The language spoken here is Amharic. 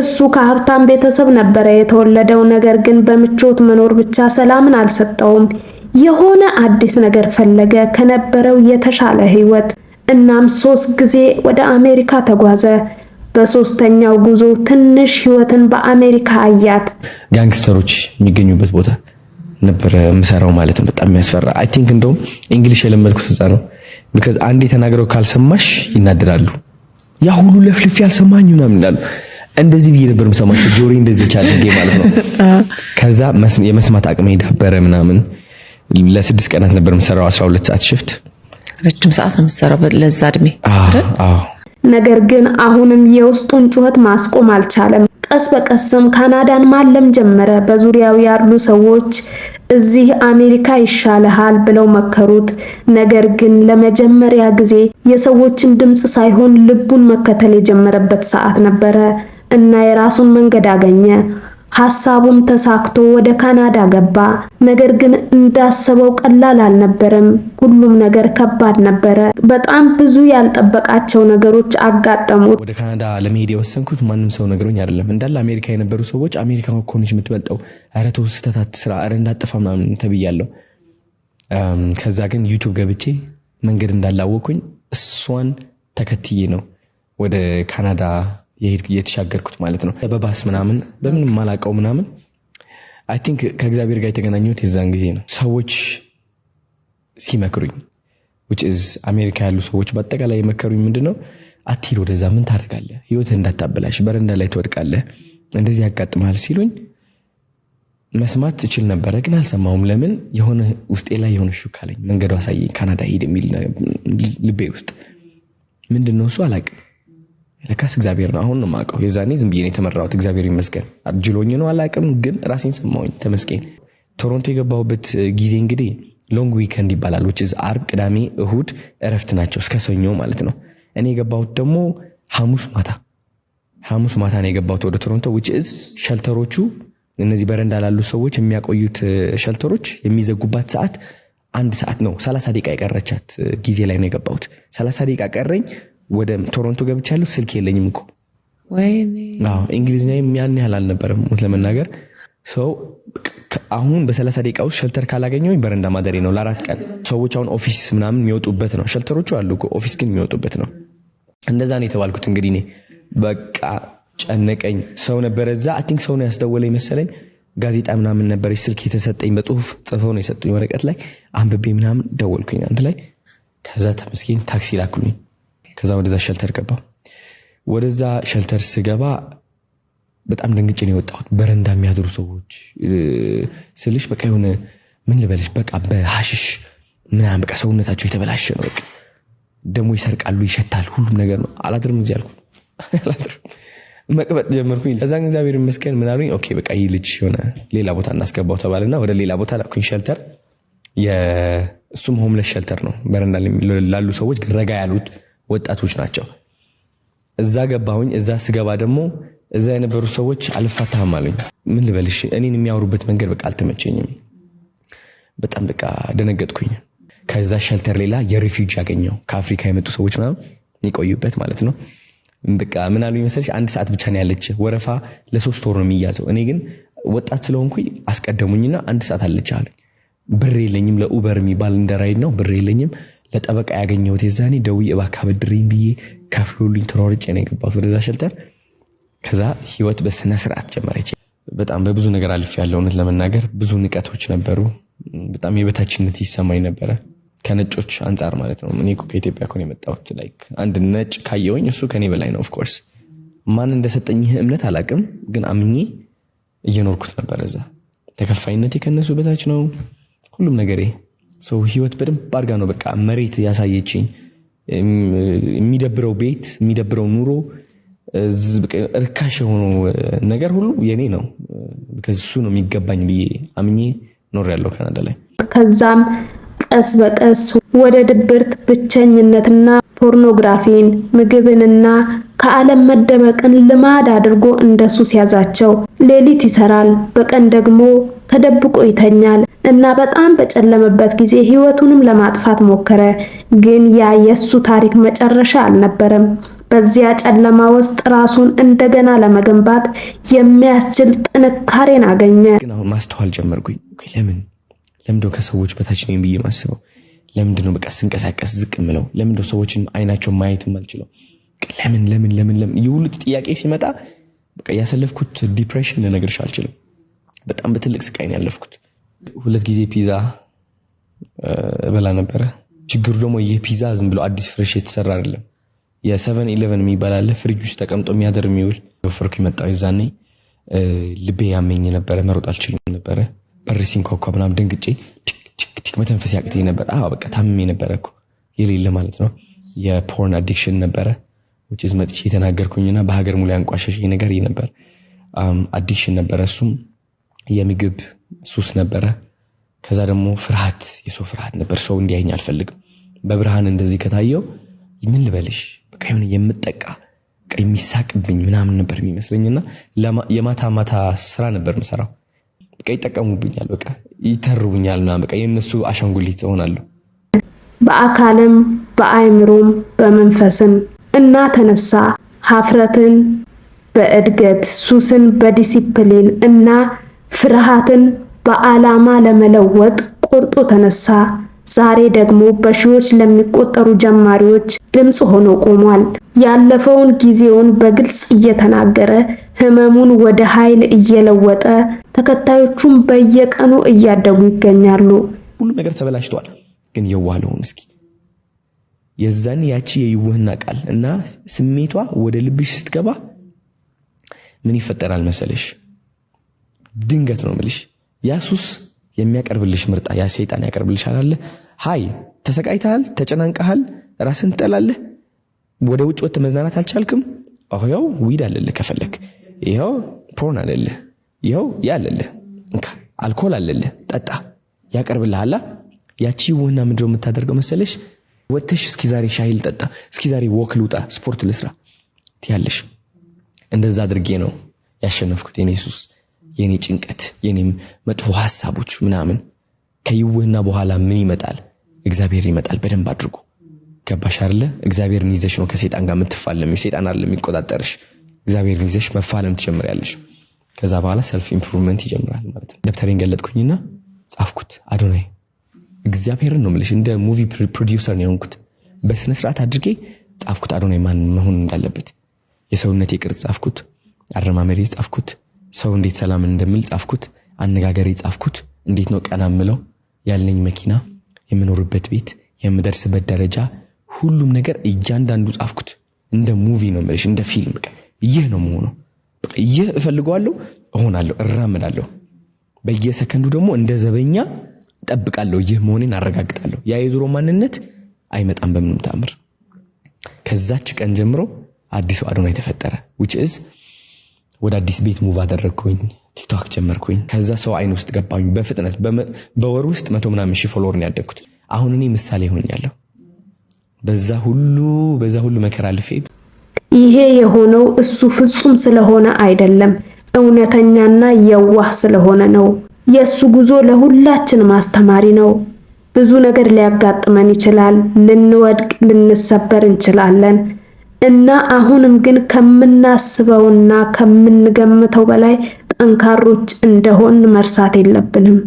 እሱ ከሀብታም ቤተሰብ ነበረ የተወለደው። ነገር ግን በምቾት መኖር ብቻ ሰላምን አልሰጠውም። የሆነ አዲስ ነገር ፈለገ፣ ከነበረው የተሻለ ህይወት። እናም ሶስት ጊዜ ወደ አሜሪካ ተጓዘ። በሶስተኛው ጉዞ ትንሽ ህይወትን በአሜሪካ አያት። ጋንግስተሮች የሚገኙበት ቦታ ነበረ የምሰራው ማለት ነው። በጣም የሚያስፈራ አይ ቲንክ እንደውም እንግሊሽ የለመድኩት እዛ ነው። ቢካዝ አንዴ ተናግረው ካልሰማሽ ይናደዳሉ። ያ ሁሉ ለፍልፌ አልሰማኝ ምናምን ይላሉ። እንደዚህ ብዬ ነበር የምሰማቸው ጆሪ እንደዚህ ቻለኝ ማለት ነው። ከዛ የመስማት አቅሜ ዳበረ ምናምን። ለስድስት ቀናት ነበር የምሰራው 12 ሰዓት ሽፍት። ረጅም ሰዓት ነው የምሰራው ለዛ እድሜ። አዎ። ነገር ግን አሁንም የውስጡን ጩኸት ማስቆም አልቻለም። ቀስ በቀስም ካናዳን ማለም ጀመረ። በዙሪያው ያሉ ሰዎች እዚህ አሜሪካ ይሻልሃል ብለው መከሩት። ነገር ግን ለመጀመሪያ ጊዜ የሰዎችን ድምፅ ሳይሆን ልቡን መከተል የጀመረበት ሰዓት ነበረ። እና የራሱን መንገድ አገኘ። ሐሳቡም ተሳክቶ ወደ ካናዳ ገባ። ነገር ግን እንዳሰበው ቀላል አልነበረም። ሁሉም ነገር ከባድ ነበረ። በጣም ብዙ ያልጠበቃቸው ነገሮች አጋጠሙት። ወደ ካናዳ ለመሄድ የወሰንኩት ማንም ሰው ነገሮኝ አይደለም። እንዳለ አሜሪካ የነበሩ ሰዎች አሜሪካ እኮ ነች የምትበልጠው፣ ኧረ ተው ስተታት ስራ፣ ኧረ እንዳጠፋ ምናምን ተብያለሁ። ከዛ ግን ዩቱብ ገብቼ መንገድ እንዳላወቅኩኝ እሷን ተከትዬ ነው ወደ ካናዳ የተሻገርኩት ማለት ነው። በባስ ምናምን በምን ማላቀው ምናምን አይ ቲንክ ከእግዚአብሔር ጋር የተገናኘሁት የዛን ጊዜ ነው። ሰዎች ሲመክሩኝ ውጭ አሜሪካ ያሉ ሰዎች በአጠቃላይ የመከሩኝ ምንድን ነው፣ አትሂድ ወደዛ፣ ምን ታደርጋለህ፣ ህይወት እንዳታበላሽ፣ በረንዳ ላይ ትወድቃለህ፣ እንደዚህ ያጋጥመሃል ሲሉኝ መስማት ትችል ነበረ፣ ግን አልሰማሁም። ለምን የሆነ ውስጤ ላይ የሆነ ሹክ አለኝ። መንገዱ አሳየኝ፣ ካናዳ ሂድ የሚል ልቤ ውስጥ ምንድን ነው እሱ አላቅም። ለካስ እግዚአብሔር ነው። አሁን ነው የማውቀው። የዛኔ ዝም ብዬ ነው የተመራሁት። እግዚአብሔር ይመስገን። አጅሎኝ ነው አላውቅም፣ ግን ራሴን ሰማሁኝ። ተመስገን። ቶሮንቶ የገባሁበት ጊዜ እንግዲህ ሎንግ ዊከንድ ይባላል። ዊች አርብ፣ ቅዳሜ፣ እሁድ እረፍት ናቸው እስከ ሰኞ ማለት ነው። እኔ የገባሁት ደግሞ ሐሙስ ማታ ሐሙስ ማታ ነው የገባሁት ወደ ቶሮንቶ ዊች ኢዝ ሸልተሮቹ እነዚህ በረንዳ ላሉ ሰዎች የሚያቆዩት ሸልተሮች የሚዘጉባት ሰዓት አንድ ሰዓት ነው። ሰላሳ ደቂቃ የቀረቻት ጊዜ ላይ ነው የገባሁት። ሰላሳ ደቂቃ ቀረኝ። ወደ ቶሮንቶ ገብቻለሁ። ስልክ የለኝም እኮ እንግሊዝኛ ያን ያህል አልነበረም ለመናገር ሰው አሁን በሰላሳ ደቂቃ ውስጥ ሸልተር ካላገኘው በረንዳ ማደሬ ነው ለአራት ቀን። ሰዎች አሁን ኦፊስ ምናምን የሚወጡበት ነው ሸልተሮቹ አሉ እኮ ኦፊስ ግን የሚወጡበት ነው። እንደዛ ነው የተባልኩት። እንግዲህ እኔ በቃ ጨነቀኝ። ሰው ነበረ እዛ አይ ቲንክ ሰው ነው ያስደወለኝ መሰለኝ። ጋዜጣ ምናምን ነበረች ስልክ የተሰጠኝ በጽሁፍ ጽፈው ነው የሰጡኝ ወረቀት ላይ አንብቤ ምናምን ደወልኩኝ አንድ ላይ። ከዛ ተመስገን ታክሲ ላኩልኝ ከዛ ወደዛ ሸልተር ገባ። ወደዛ ሸልተር ስገባ በጣም ደንግጬ ነው የወጣሁት። በረንዳ የሚያድሩ ሰዎች ስልሽ በቃ የሆነ ምን ልበልሽ በቃ በሐሽሽ ምናምን በቃ ሰውነታቸው የተበላሸ ነው። በቃ ደግሞ ይሰርቃሉ፣ ይሸታል፣ ሁሉም ነገር ነው። አላድርም እዚህ አልኩ። አላድርም መቅበጥ ጀመርኩኝ። እዛን እግዚአብሔር ይመስገን ምን አሉኝ፣ ኦኬ በቃ ይህ ልጅ የሆነ ሌላ ቦታ እናስገባው ተባለና ወደ ሌላ ቦታ ላኩኝ። ሸልተር እሱም ሆምለስ ሸልተር ነው። በረንዳ ላሉ ሰዎች ረጋ ያሉት ወጣቶች ናቸው። እዛ ገባሁኝ። እዛ ስገባ ደግሞ እዛ የነበሩ ሰዎች አልፋታህም አሉኝ። ምን ልበልሽ፣ እኔን የሚያወሩበት መንገድ በቃ አልተመቸኝም። በጣም በቃ ደነገጥኩኝ። ከዛ ሸልተር ሌላ የሪፊውጅ ያገኘው ከአፍሪካ የመጡ ሰዎች ምናምን የቆዩበት ማለት ነው። በቃ ምን አሉኝ መሰለሽ፣ አንድ ሰዓት ብቻ ነው ያለች ወረፋ፣ ለሶስት ወር ነው የሚያዘው። እኔ ግን ወጣት ስለሆንኩኝ አስቀደሙኝና አንድ ሰዓት አለች አሉኝ። ብር የለኝም ለኡበር የሚባል እንደራይድ ነው ብር የለኝም ለጠበቃ ያገኘሁት የዛኔ ደዊ እባካ አበድሬኝ ብዬ ከፍሎልኝ ተሯርጬ ነው የገባሁት ወደዛ ሸልተር። ከዛ ህይወት በስነ ስርዓት ጀመረች። በጣም በብዙ ነገር አልፍ ያለው እውነት ለመናገር ብዙ ንቀቶች ነበሩ። በጣም የበታችነት ይሰማኝ ነበረ ከነጮች አንጻር ማለት ነው። እኔ ከኢትዮጵያ ኮን የመጣሁት ላይክ አንድ ነጭ ካየውኝ እሱ ከኔ በላይ ነው። ኦፍኮርስ ማን እንደሰጠኝ ይህ እምነት አላቅም፣ ግን አምኜ እየኖርኩት ነበር እዛ። ተከፋይነቴ ከነሱ በታች ነው ሁሉም ነገሬ ሰው ህይወት በደንብ አድርጋ ነው በቃ መሬት ያሳየችኝ። የሚደብረው ቤት፣ የሚደብረው ኑሮ፣ እርካሽ የሆነው ነገር ሁሉ የኔ ነው። ከሱ ነው የሚገባኝ ብዬ አምኜ ኖር ያለው ካናዳ ላይ። ከዛም ቀስ በቀስ ወደ ድብርት፣ ብቸኝነትና ፖርኖግራፊን፣ ምግብንና ከዓለም መደበቅን ልማድ አድርጎ እንደሱ ሲያዛቸው ሌሊት ይሰራል፣ በቀን ደግሞ ተደብቆ ይተኛል። እና በጣም በጨለመበት ጊዜ ህይወቱንም ለማጥፋት ሞከረ። ግን ያ የሱ ታሪክ መጨረሻ አልነበረም። በዚያ ጨለማ ውስጥ ራሱን እንደገና ለመገንባት የሚያስችል ጥንካሬን አገኘ። ግን አሁን ማስተዋል ጀመርኩኝ። ለምን ለምንድነው ከሰዎች በታች ነኝ ብዬ ማስበው? ለምንድነው በቃ ስንቀሳቀስ ዝቅ ምለው? ለምንድነው ሰዎችን አይናቸው ማየት ማልችለው? ለምን ለምን ለምን ለምን የሁሉ ጥያቄ ሲመጣ በቃ ያሳለፍኩት ዲፕሬሽን ልነግርሽ አልችልም። በጣም በትልቅ ስቃይ ነው ያለፍኩት። ሁለት ጊዜ ፒዛ እበላ ነበረ። ችግሩ ደግሞ ይህ ፒዛ ዝም ብሎ አዲስ ፍሬሽ የተሰራ አይደለም። የሰቨን ኢሌቨን የሚባል አለ ፍሪጅ ውስጥ ተቀምጦ የሚያደር የሚውል ወፈርኩ የመጣው ይዛኔ ልቤ ያመኝ ነበረ። መሮጥ አልችልም ነበረ። በሬሲን ኮኮ ምናምን ደንግጬ ቲክ መተንፈስ ያቅተኝ ነበር። አዎ በቃ ታምሜ ነበረ እኮ የሌለ ማለት ነው። የፖርን አዲክሽን ነበረ ውጭ መጥቼ የተናገርኩኝና በሀገር ሙሉ ያንቋሸሽ ነገር ነበር። አዲክሽን ነበረ እሱም የምግብ ሱስ ነበረ። ከዛ ደግሞ ፍርሃት፣ የሰው ፍርሃት ነበር። ሰው እንዲያኝ አልፈልግም። በብርሃን እንደዚህ ከታየው ምን ልበልሽ፣ በቃ የሆነ የምጠቃ የሚሳቅብኝ ምናምን ነበር የሚመስለኝና የማታ ማታ ስራ ነበር ምሰራው። በቃ ይጠቀሙብኛል፣ በቃ ይተርቡኛል እና በቃ የእነሱ አሻንጉሊት እሆናለሁ። በአካልም በአእምሮም በመንፈስም እና ተነሳ ሀፍረትን በእድገት ሱስን በዲሲፕሊን እና ፍርሃትን በዓላማ ለመለወጥ ቆርጦ ተነሳ። ዛሬ ደግሞ በሺዎች ለሚቆጠሩ ጀማሪዎች ድምፅ ሆኖ ቆሟል። ያለፈውን ጊዜውን በግልጽ እየተናገረ ህመሙን ወደ ኃይል እየለወጠ ተከታዮቹም በየቀኑ እያደጉ ይገኛሉ። ሁሉም ነገር ተበላሽቷል፣ ግን የዋህ ልሁን እስኪ። የዛን ያቺ የይውህና ቃል እና ስሜቷ ወደ ልብሽ ስትገባ ምን ይፈጠራል መሰለሽ? ድንገት ነው ምልሽ ያሱስ የሚያቀርብልሽ ምርጣ ያ ሰይጣን ያቀርብልሽ አላለ ሃይ ተሰቃይተሃል፣ ተጨናንቀሃል፣ ራስን ትጠላለህ፣ ወደ ውጭ ወጥተህ መዝናናት አልቻልክም። ይኸው ዊድ አለልህ ከፈለክ፣ ይኸው ፖርን አለልህ፣ ይኸው ያ አለልህ፣ አልኮል አለልህ፣ ጠጣ ያቀርብልሃል። ያቺ ውህና ምንድነው የምታደርገው መሰለሽ? ወጥተሽ እስኪ ዛሬ ሻይ ልጠጣ፣ እስኪ ዛሬ ወክ ልውጣ፣ ስፖርት ልስራ ትያለሽ። እንደዛ አድርጌ ነው ያሸነፍኩት እኔ ኢየሱስ የኔ ጭንቀት፣ የኔም መጥፎ ሐሳቦች ምናምን ከይውህና በኋላ ምን ይመጣል? እግዚአብሔር ይመጣል። በደንብ አድርጎ ገባሽ አይደለ? እግዚአብሔርን ይዘሽ ነው ከሰይጣን ጋር የምትፋለሚው። ሰይጣን አይደለም የሚቆጣጠርሽ፣ እግዚአብሔርን ይዘሽ መፋለም ትጀምሪያለሽ። ከዛ በኋላ ሰልፍ ኢምፕሩቭመንት ይጀምራል ማለት ነው። ደብተሬን ገለጥኩኝና ጻፍኩት። አዶናይ እግዚአብሔርን ነው የምልሽ፣ እንደ ሙቪ ፕሮዲውሰር ነው የሆንኩት። በስነ ስርዓት አድርጌ ጻፍኩት። አዶናይ ማን መሆን እንዳለበት የሰውነት የቅርጽ ጻፍኩት፣ አረማመዴ ጻፍኩት ሰው እንዴት ሰላም እንደምል ጻፍኩት። አነጋገር የጻፍኩት እንዴት ነው ቀና ምለው ያለኝ መኪና፣ የምኖርበት ቤት፣ የምደርስበት ደረጃ፣ ሁሉም ነገር እያንዳንዱ ጻፍኩት። እንደ ሙቪ ነው የምልሽ፣ እንደ ፊልም በቃ ይህ ነው መሆኑ። ይህ እፈልገዋለሁ፣ እሆናለሁ፣ እራመዳለሁ። በየሰከንዱ ደግሞ እንደ ዘበኛ እጠብቃለሁ፣ ይህ መሆኔን አረጋግጣለሁ። ያ የድሮ ማንነት አይመጣም በምንም ታምር። ከዛች ቀን ጀምሮ አዲሱ አዶናይ ተፈጠረ። which is ወደ አዲስ ቤት ሙቭ አደረግኩኝ። ቲክቶክ ጀመርኩኝ። ከዛ ሰው አይን ውስጥ ገባኝ በፍጥነት በወር ውስጥ መቶ ምናምን ሺህ ፎሎወር ነው ያደግኩት። አሁን እኔ ምሳሌ ሆኛለሁ። በዛ ሁሉ በዛ ሁሉ መከራ አልፌ ይሄ የሆነው እሱ ፍጹም ስለሆነ አይደለም፣ እውነተኛና የዋህ ስለሆነ ነው። የእሱ ጉዞ ለሁላችን ማስተማሪ ነው። ብዙ ነገር ሊያጋጥመን ይችላል። ልንወድቅ፣ ልንሰበር እንችላለን። እና አሁንም ግን ከምናስበውና ከምንገምተው በላይ ጠንካሮች እንደሆን መርሳት የለብንም።